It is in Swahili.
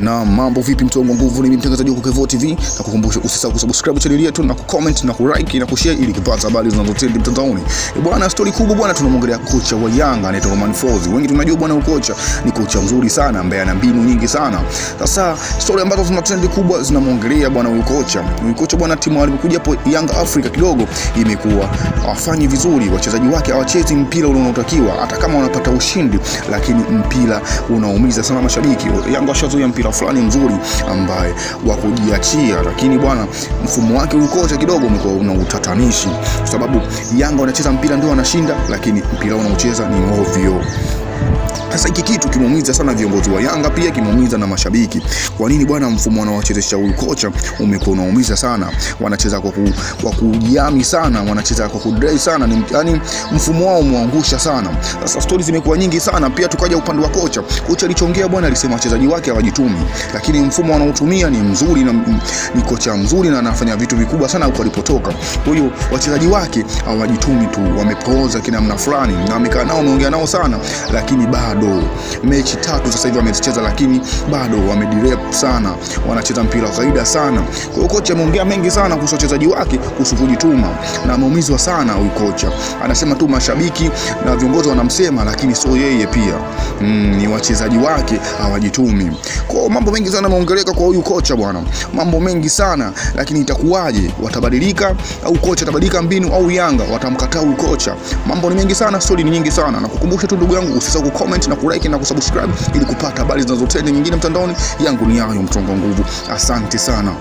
Na mambo vipi, mtu wangu nguvu, mimi mtangazaji wako Kevo TV, na kukumbusha usisahau kusubscribe channel yetu na kucomment na kulike na kushare ili kupata habari zinazotrend mtandaoni. E bwana, story kubwa bwana, tunamwongelea kocha wa Yanga anaitwa Romain Folz. Wengi tunajua bwana, ukocha ni kocha mzuri sana ambaye ana mbinu nyingi sana. Sasa story ambazo zina trend kubwa zinamwongelea bwana huyu kocha. Huyu kocha bwana, timu alipokuja hapo Yanga Africa kidogo imekuwa hawafanyi vizuri, wachezaji wake hawachezi mpira ule unaotakiwa, hata kama wanapata ushindi, lakini mpira unaumiza sana mashabiki. Yanga washazuia mpira mtaa fulani mzuri ambaye wa kujiachia, lakini bwana, mfumo wake ukocha kidogo umekuwa una utatanishi, sababu Yanga wanacheza mpira ndio wanashinda, lakini mpira unaocheza ni ovyo. Sasa hiki kitu kimeumiza sana viongozi wa Yanga, pia kimeumiza na mashabiki. Kwa nini bwana, mfumo anaowachezesha huyu kocha umekuwa unaumiza sana? Wanacheza kwa ku, kwa kujiami sana, wanacheza kwa kudrai sana, ni yani mfumo wao umeangusha sana. Sasa stories zimekuwa nyingi sana, pia tukaja upande wa kocha. Kocha alichongea bwana, alisema wachezaji wake hawajitumi, lakini mfumo anaotumia ni mzuri na ni kocha mzuri na anafanya vitu vikubwa sana huko alipotoka. Kwa hiyo wachezaji wake hawajitumi tu, wamepooza kina kinamna fulani, na amekaa nao, ameongea nao sana lakini lakini bado mechi tatu sasa hivi wamezicheza, lakini bado wamedirep sana, wanacheza mpira wa kawaida sana. Kwa hiyo kocha ameongea mengi sana kuhusu wachezaji wake, kuhusu kujituma, na ameumizwa sana huyu kocha. Anasema tu mashabiki na viongozi wanamsema, lakini sio yeye pia mm, ni wachezaji wake hawajitumi. Kwa mambo mengi sana yameongeleka kwa huyu kocha bwana, mambo mengi sana lakini itakuwaje? Watabadilika au kocha atabadilika mbinu au Yanga watamkataa huyu kocha? Mambo ni mengi sana, stori ni nyingi sana. Nakukumbusha tu ndugu yangu, usisahau kucomment na kulike na kusubscribe ili kupata habari zinazotendeka nyingine mtandaoni. Yangu ni hayo, mtongo nguvu. Asante sana.